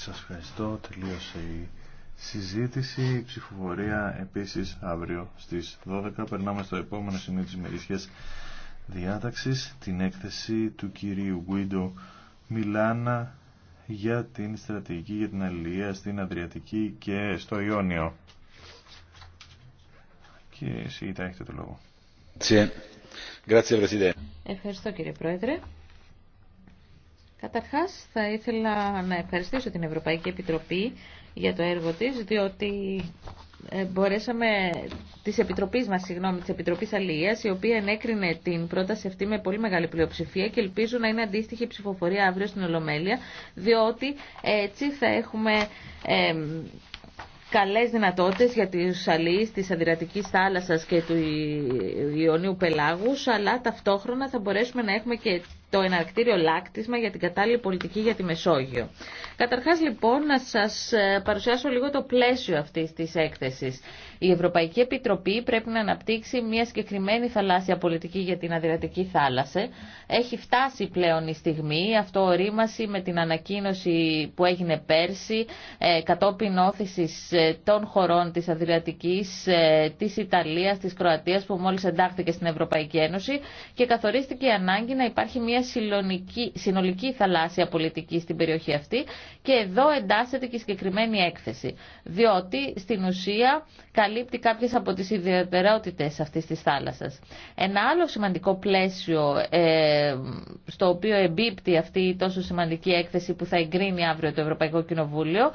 Σας ευχαριστώ. Τελείωσε η συζήτηση. Η ψηφοφορία επίσης αύριο στις 12. Περνάμε στο επόμενο σημείο της ημερήσιας διάταξης. Την έκθεση του κυρίου Γουίντο Μιλάνα για την στρατηγική για την αλληλεία στην Αδριατική και στο Ιόνιο. Και εσύ έχετε το λόγο. Ευχαριστώ κύριε Πρόεδρε. Καταρχάς θα ήθελα να ευχαριστήσω την Ευρωπαϊκή Επιτροπή για το έργο της, διότι ε, μπορέσαμε της Επιτροπής μας, συγγνώμη, της Επιτροπής η οποία ενέκρινε την πρόταση αυτή με πολύ μεγάλη πλειοψηφία και ελπίζω να είναι αντίστοιχη ψηφοφορία αύριο στην Ολομέλεια, διότι έτσι θα έχουμε... Ε, καλές δυνατότητες για τους αλληλεί της Αντιρατική θάλασσας και του Ιωνίου Πελάγους, αλλά ταυτόχρονα θα μπορέσουμε να έχουμε και το εναρκτήριο λάκτισμα για την κατάλληλη πολιτική για τη Μεσόγειο. Καταρχάς λοιπόν να σας ε, παρουσιάσω λίγο το πλαίσιο αυτής της έκθεσης. Η Ευρωπαϊκή Επιτροπή πρέπει να αναπτύξει μια συγκεκριμένη θαλάσσια πολιτική για την Αδριατική θάλασσα. Έχει φτάσει πλέον η στιγμή, αυτό ορίμασε με την ανακοίνωση που έγινε πέρσι ε, κατόπιν όθησης ε, των χωρών της Αδριατικής, ε, της Ιταλίας, της Κροατίας που μόλις εντάχθηκε στην Ευρωπαϊκή Ένωση και καθορίστηκε η ανάγκη να υπάρχει μια συνολική θαλάσσια πολιτική στην περιοχή αυτή και εδώ εντάσσεται και η συγκεκριμένη έκθεση. Διότι στην ουσία καλύπτει κάποιες από τις ιδιαιτερότητες αυτής της θάλασσας. Ένα άλλο σημαντικό πλαίσιο ε, στο οποίο εμπίπτει αυτή η τόσο σημαντική έκθεση που θα εγκρίνει αύριο το Ευρωπαϊκό Κοινοβούλιο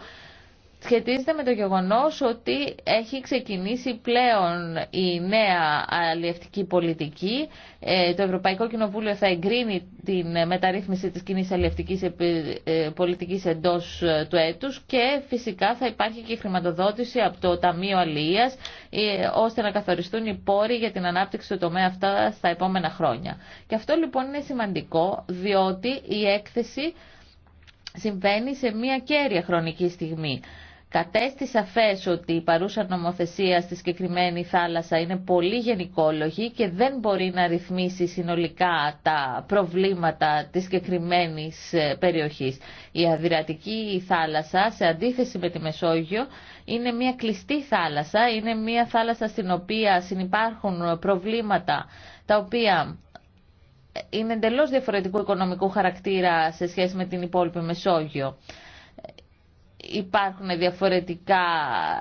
σχετίζεται με το γεγονός ότι έχει ξεκινήσει πλέον η νέα αλλιευτική πολιτική. Ε, το Ευρωπαϊκό Κοινοβούλιο θα εγκρίνει την μεταρρύθμιση της κοινή αλλιευτικής ε, πολιτικής εντός ε, του έτους και φυσικά θα υπάρχει και χρηματοδότηση από το Ταμείο Αλληλείας ώστε να καθοριστούν οι πόροι για την ανάπτυξη του τομέα αυτά στα επόμενα χρόνια. Και αυτό λοιπόν είναι σημαντικό διότι η έκθεση συμβαίνει σε μια κέρια χρονική στιγμή κατέστη σαφές ότι η παρούσα νομοθεσία στη συγκεκριμένη θάλασσα είναι πολύ γενικόλογη και δεν μπορεί να ρυθμίσει συνολικά τα προβλήματα της συγκεκριμένη ε, περιοχής. Η Αδριατική θάλασσα, σε αντίθεση με τη Μεσόγειο, είναι μια κλειστή θάλασσα, είναι μια θάλασσα στην οποία συνεπάρχουν προβλήματα τα οποία είναι εντελώς διαφορετικού οικονομικού χαρακτήρα σε σχέση με την υπόλοιπη Μεσόγειο υπάρχουν διαφορετικά,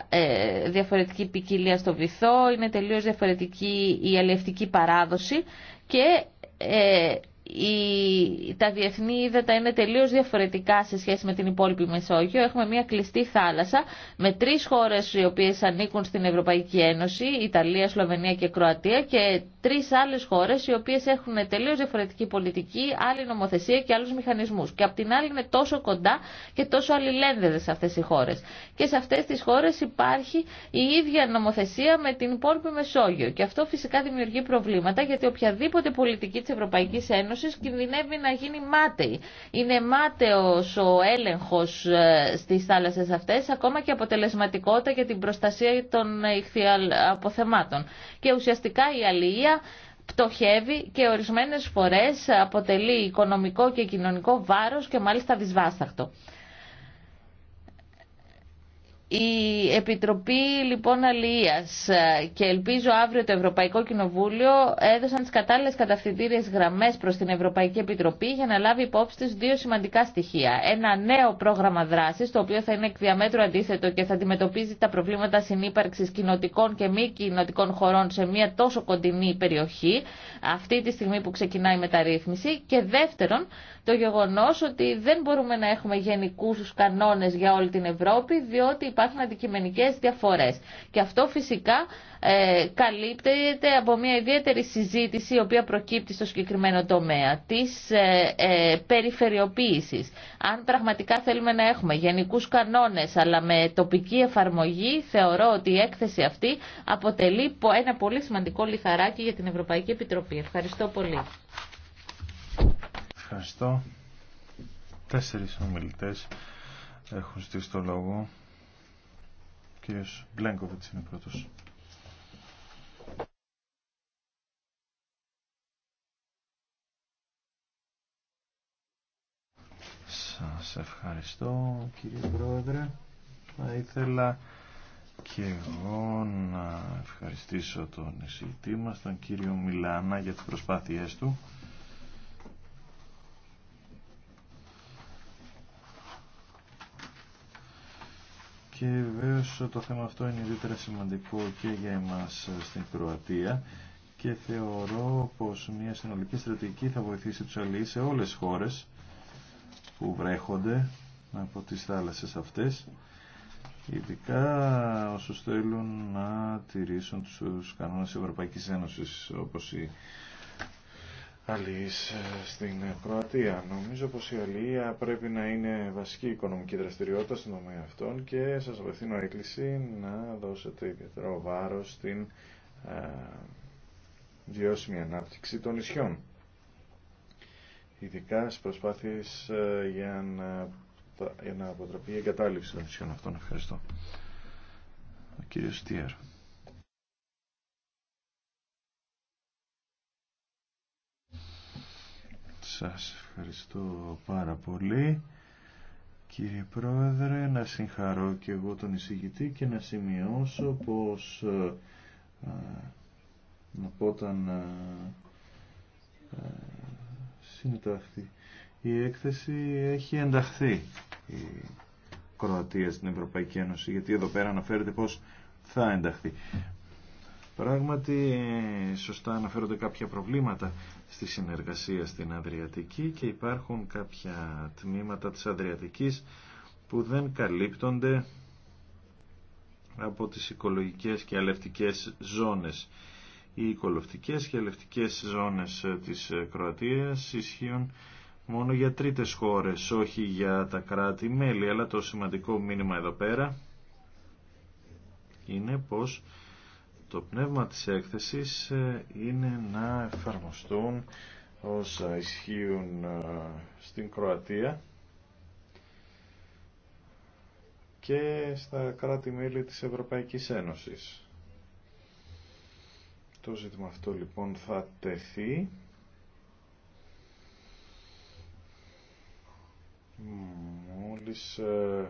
ε, διαφορετική ποικιλία στο βυθό, είναι τελείως διαφορετική η αλληλευτική παράδοση και ε, η, τα διεθνή ύδατα είναι τελείως διαφορετικά σε σχέση με την υπόλοιπη Μεσόγειο. Έχουμε μια κλειστή θάλασσα με τρεις χώρες οι οποίες ανήκουν στην Ευρωπαϊκή Ένωση, Ιταλία, Σλοβενία και Κροατία και τρεις άλλες χώρες οι οποίες έχουν τελείως διαφορετική πολιτική, άλλη νομοθεσία και άλλους μηχανισμούς. Και απ' την άλλη είναι τόσο κοντά και τόσο αλληλένδεδες αυτές οι χώρες. Και σε αυτές τις χώρες υπάρχει η ίδια νομοθεσία με την υπόλοιπη Μεσόγειο. Και αυτό φυσικά δημιουργεί προβλήματα γιατί οποιαδήποτε πολιτική της Ευρωπαϊκής Ένωσης κινδυνεύει να γίνει μάταιη. Είναι μάταιος ο έλεγχος ε, στις θάλασσες αυτές, ακόμα και αποτελεσματικότητα για την προστασία των αποθεμάτων. Και ουσιαστικά η αλληλεία πτωχεύει και ορισμένες φορές αποτελεί οικονομικό και κοινωνικό βάρος και μάλιστα δυσβάσταχτο. Η Επιτροπή λοιπόν Αλίας ε, και ελπίζω αύριο το Ευρωπαϊκό Κοινοβούλιο έδωσαν τις κατάλληλες καταυθυντήριες γραμμές προς την Ευρωπαϊκή Επιτροπή για να λάβει υπόψη της δύο σημαντικά στοιχεία. Ένα νέο πρόγραμμα δράσης το οποίο θα είναι εκ διαμέτρου αντίθετο και θα αντιμετωπίζει τα προβλήματα συνύπαρξης κοινοτικών και μη κοινοτικών χωρών σε μια τόσο κοντινή περιοχή αυτή τη στιγμή που ξεκινάει η μεταρρύθμιση και δεύτερον το γεγονό ότι δεν μπορούμε να έχουμε γενικούς κανόνες για όλη την Ευρώπη διότι υπάρχουν αντικειμενικές διαφορές. Και αυτό φυσικά ε, καλύπτεται από μια ιδιαίτερη συζήτηση η οποία προκύπτει στο συγκεκριμένο τομέα της ε, ε, περιφερειοποίησης. Αν πραγματικά θέλουμε να έχουμε γενικούς κανόνες αλλά με τοπική εφαρμογή θεωρώ ότι η έκθεση αυτή αποτελεί ένα πολύ σημαντικό λιθαράκι για την Ευρωπαϊκή Επιτροπή. Ευχαριστώ πολύ. Ευχαριστώ. Τέσσερις ομιλητές έχουν στήσει το λόγο κύριος Μπλέγκοβιτς είναι πρώτος. Σας ευχαριστώ κύριε Πρόεδρε. Θα ήθελα και εγώ να ευχαριστήσω τον εισηγητή μας, τον κύριο Μιλάνα, για τις προσπάθειές του. Και βεβαίω το θέμα αυτό είναι ιδιαίτερα σημαντικό και για εμάς στην Κροατία και θεωρώ πως μια συνολική στρατηγική θα βοηθήσει τους αλληλείς σε όλες τις χώρες που βρέχονται από τις θάλασσες αυτές ειδικά όσους θέλουν να τηρήσουν τους κανόνες Ευρωπαϊκής Ένωσης όπως η αλληλείς ε, στην Κροατία. Νομίζω πως η αλληλεία πρέπει να είναι βασική οικονομική δραστηριότητα στον τομέα αυτών και σας απευθύνω έκκληση να δώσετε ιδιαίτερο βάρος στην ε, βιώσιμη ανάπτυξη των νησιών. Ειδικά στις προσπάθειες ε, για να, για να αποτραπεί η εγκατάλειψη των νησιών αυτών. Ευχαριστώ. Ο κύριος Σας ευχαριστώ πάρα πολύ. Κύριε Πρόεδρε, να συγχαρώ και εγώ τον εισηγητή και να σημειώσω πως ε, ε, πω όταν ε, συνταχθεί η έκθεση έχει ενταχθεί η Κροατία στην Ευρωπαϊκή Ένωση γιατί εδώ πέρα αναφέρεται πως θα ενταχθεί. Πράγματι, σωστά αναφέρονται κάποια προβλήματα στη συνεργασία στην Αδριατική και υπάρχουν κάποια τμήματα της Αδριατικής που δεν καλύπτονται από τις οικολογικές και αλευτικές ζώνες. Οι οικολογικές και αλευτικές ζώνες της Κροατίας ισχύουν μόνο για τρίτες χώρες, όχι για τα κράτη-μέλη, αλλά το σημαντικό μήνυμα εδώ πέρα είναι πως το πνεύμα της έκθεσης ε, είναι να εφαρμοστούν όσα ισχύουν ε, στην Κροατία και στα κράτη-μέλη της Ευρωπαϊκής Ένωσης. Το ζήτημα αυτό λοιπόν θα τεθεί μόλις ε,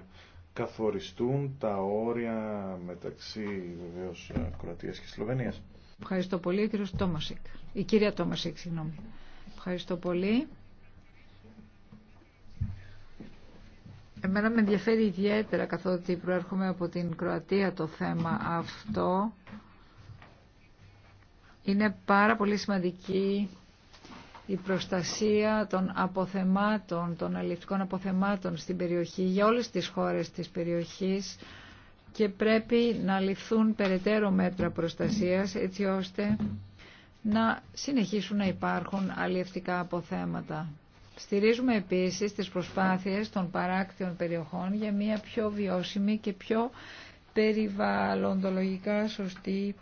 καθοριστούν τα όρια μεταξύ βεβαίως Κροατίας και Σλοβενίας. Ευχαριστώ πολύ, κύριος Τόμασικ. Η κυρία Τόμασικ, συγγνώμη. Ευχαριστώ πολύ. Εμένα με ενδιαφέρει ιδιαίτερα καθότι προέρχομαι από την Κροατία το θέμα αυτό. Είναι πάρα πολύ σημαντική η προστασία των αποθεμάτων, των αλληλευτικών αποθεμάτων στην περιοχή, για όλες τις χώρες της περιοχής και πρέπει να ληφθούν περαιτέρω μέτρα προστασίας έτσι ώστε να συνεχίσουν να υπάρχουν αλληλευτικά αποθέματα. Στηρίζουμε επίσης τις προσπάθειες των παράκτιων περιοχών για μια πιο βιώσιμη και πιο περιβαλλοντολογικά σωστή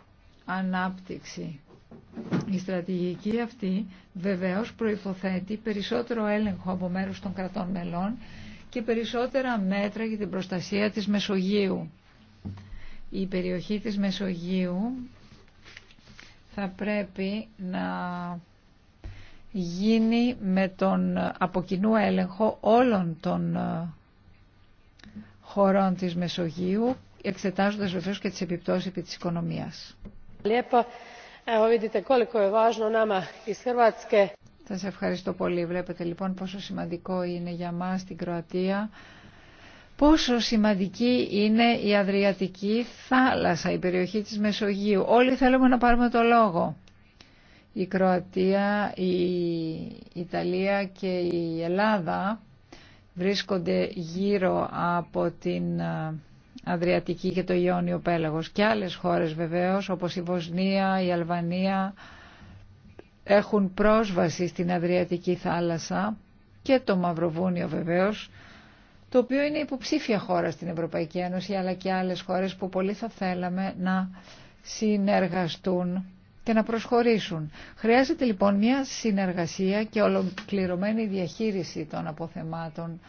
ανάπτυξη. Η στρατηγική αυτή βεβαίως προϋποθέτει περισσότερο έλεγχο από μέρους των κρατών μελών και περισσότερα μέτρα για την προστασία της Μεσογείου. Η περιοχή της Μεσογείου θα πρέπει να γίνει με τον αποκοινού έλεγχο όλων των ε, χωρών της Μεσογείου, εξετάζοντας βεβαίως και τις επιπτώσεις επί της οικονομίας. Θα vidite ευχαριστώ πολύ. Βλέπετε λοιπόν πόσο σημαντικό είναι για μας την Κροατία. Πόσο σημαντική είναι η Αδριατική θάλασσα, η περιοχή της Μεσογείου. Όλοι θέλουμε να πάρουμε το λόγο. Η Κροατία, η Ιταλία και η Ελλάδα βρίσκονται γύρω από την Αδριατική και το Ιόνιο Πέλαγος και άλλες χώρες βεβαίως όπως η Βοσνία, η Αλβανία έχουν πρόσβαση στην Αδριατική θάλασσα και το Μαυροβούνιο βεβαίως το οποίο είναι υποψήφια χώρα στην Ευρωπαϊκή Ένωση αλλά και άλλες χώρες που πολύ θα θέλαμε να συνεργαστούν και να προσχωρήσουν. Χρειάζεται λοιπόν μια συνεργασία και ολοκληρωμένη διαχείριση των αποθεμάτων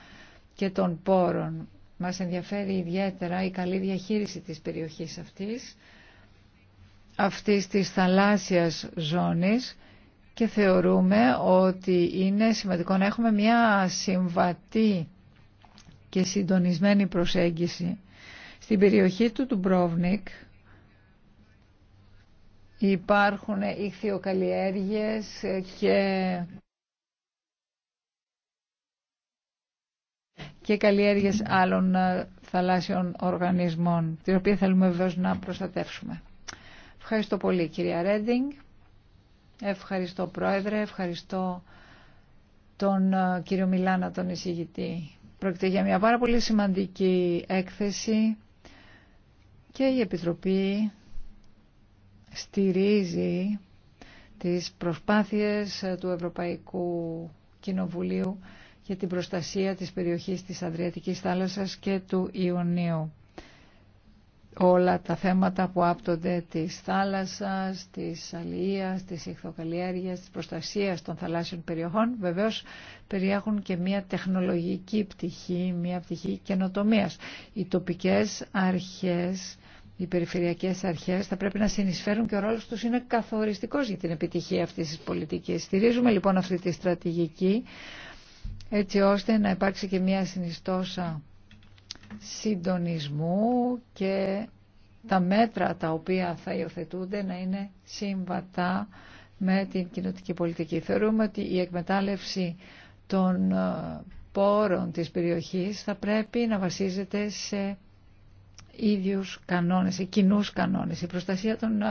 και των πόρων μας ενδιαφέρει ιδιαίτερα η καλή διαχείριση της περιοχής αυτής, αυτής της θαλάσσιας ζώνης και θεωρούμε ότι είναι σημαντικό να έχουμε μια συμβατή και συντονισμένη προσέγγιση. Στην περιοχή του του υπάρχουν ηχθειοκαλλιέργειες και και καλλιέργειες άλλων ε, θαλάσσιων οργανισμών, την οποία θέλουμε βεβαίω να προστατεύσουμε. Ευχαριστώ πολύ κυρία Ρέντινγκ, ευχαριστώ Πρόεδρε, ευχαριστώ τον ε, κύριο Μιλάνα τον εισηγητή. Πρόκειται για μια πάρα πολύ σημαντική έκθεση και η Επιτροπή στηρίζει τις προσπάθειες ε, του Ευρωπαϊκού Κοινοβουλίου για την προστασία της περιοχής της Αδριατικής θάλασσας και του Ιωνίου. Όλα τα θέματα που άπτονται της θάλασσας, της αλληλείας, της ηχθοκαλλιέργειας, της προστασίας των θαλάσσιων περιοχών βεβαίως περιέχουν και μια τεχνολογική πτυχή, μια πτυχή καινοτομίας. Οι τοπικές αρχές οι περιφερειακές αρχές θα πρέπει να συνεισφέρουν και ο ρόλος τους είναι καθοριστικός για την επιτυχία αυτής της πολιτικής. Στηρίζουμε λοιπόν αυτή τη στρατηγική έτσι ώστε να υπάρξει και μια συνιστόσα συντονισμού και τα μέτρα τα οποία θα υιοθετούνται να είναι συμβατά με την κοινωτική πολιτική. Θεωρούμε ότι η εκμετάλλευση των ε, πόρων της περιοχής θα πρέπει να βασίζεται σε ίδιους κανόνες, σε κοινούς κανόνες. Η προστασία των ε,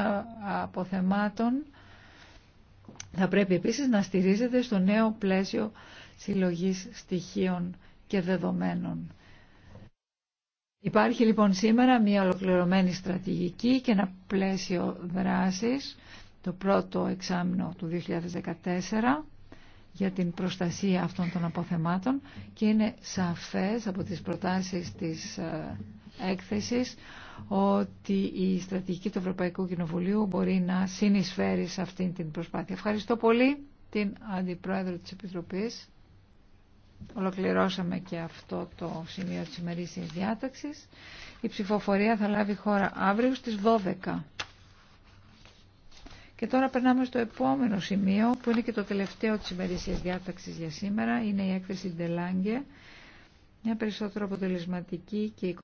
αποθεμάτων θα πρέπει επίσης να στηρίζεται στο νέο πλαίσιο συλλογής στοιχείων και δεδομένων. Υπάρχει λοιπόν σήμερα μια ολοκληρωμένη στρατηγική και ένα πλαίσιο δράσης το πρώτο εξάμεινο του 2014 για την προστασία αυτών των αποθεμάτων και είναι σαφές από τις προτάσεις της ε, έκθεσης ότι η στρατηγική του Ευρωπαϊκού Κοινοβουλίου μπορεί να συνεισφέρει σε αυτή την προσπάθεια. Ευχαριστώ πολύ την Αντιπρόεδρο της Επιτροπής. Ολοκληρώσαμε και αυτό το σημείο της ημερήσιας διάταξης. Η ψηφοφορία θα λάβει χώρα αύριο στις 12. Και τώρα περνάμε στο επόμενο σημείο που είναι και το τελευταίο της ημερήσιας διάταξης για σήμερα. Είναι η έκθεση Ντελάνγκε, μια περισσότερο αποτελεσματική και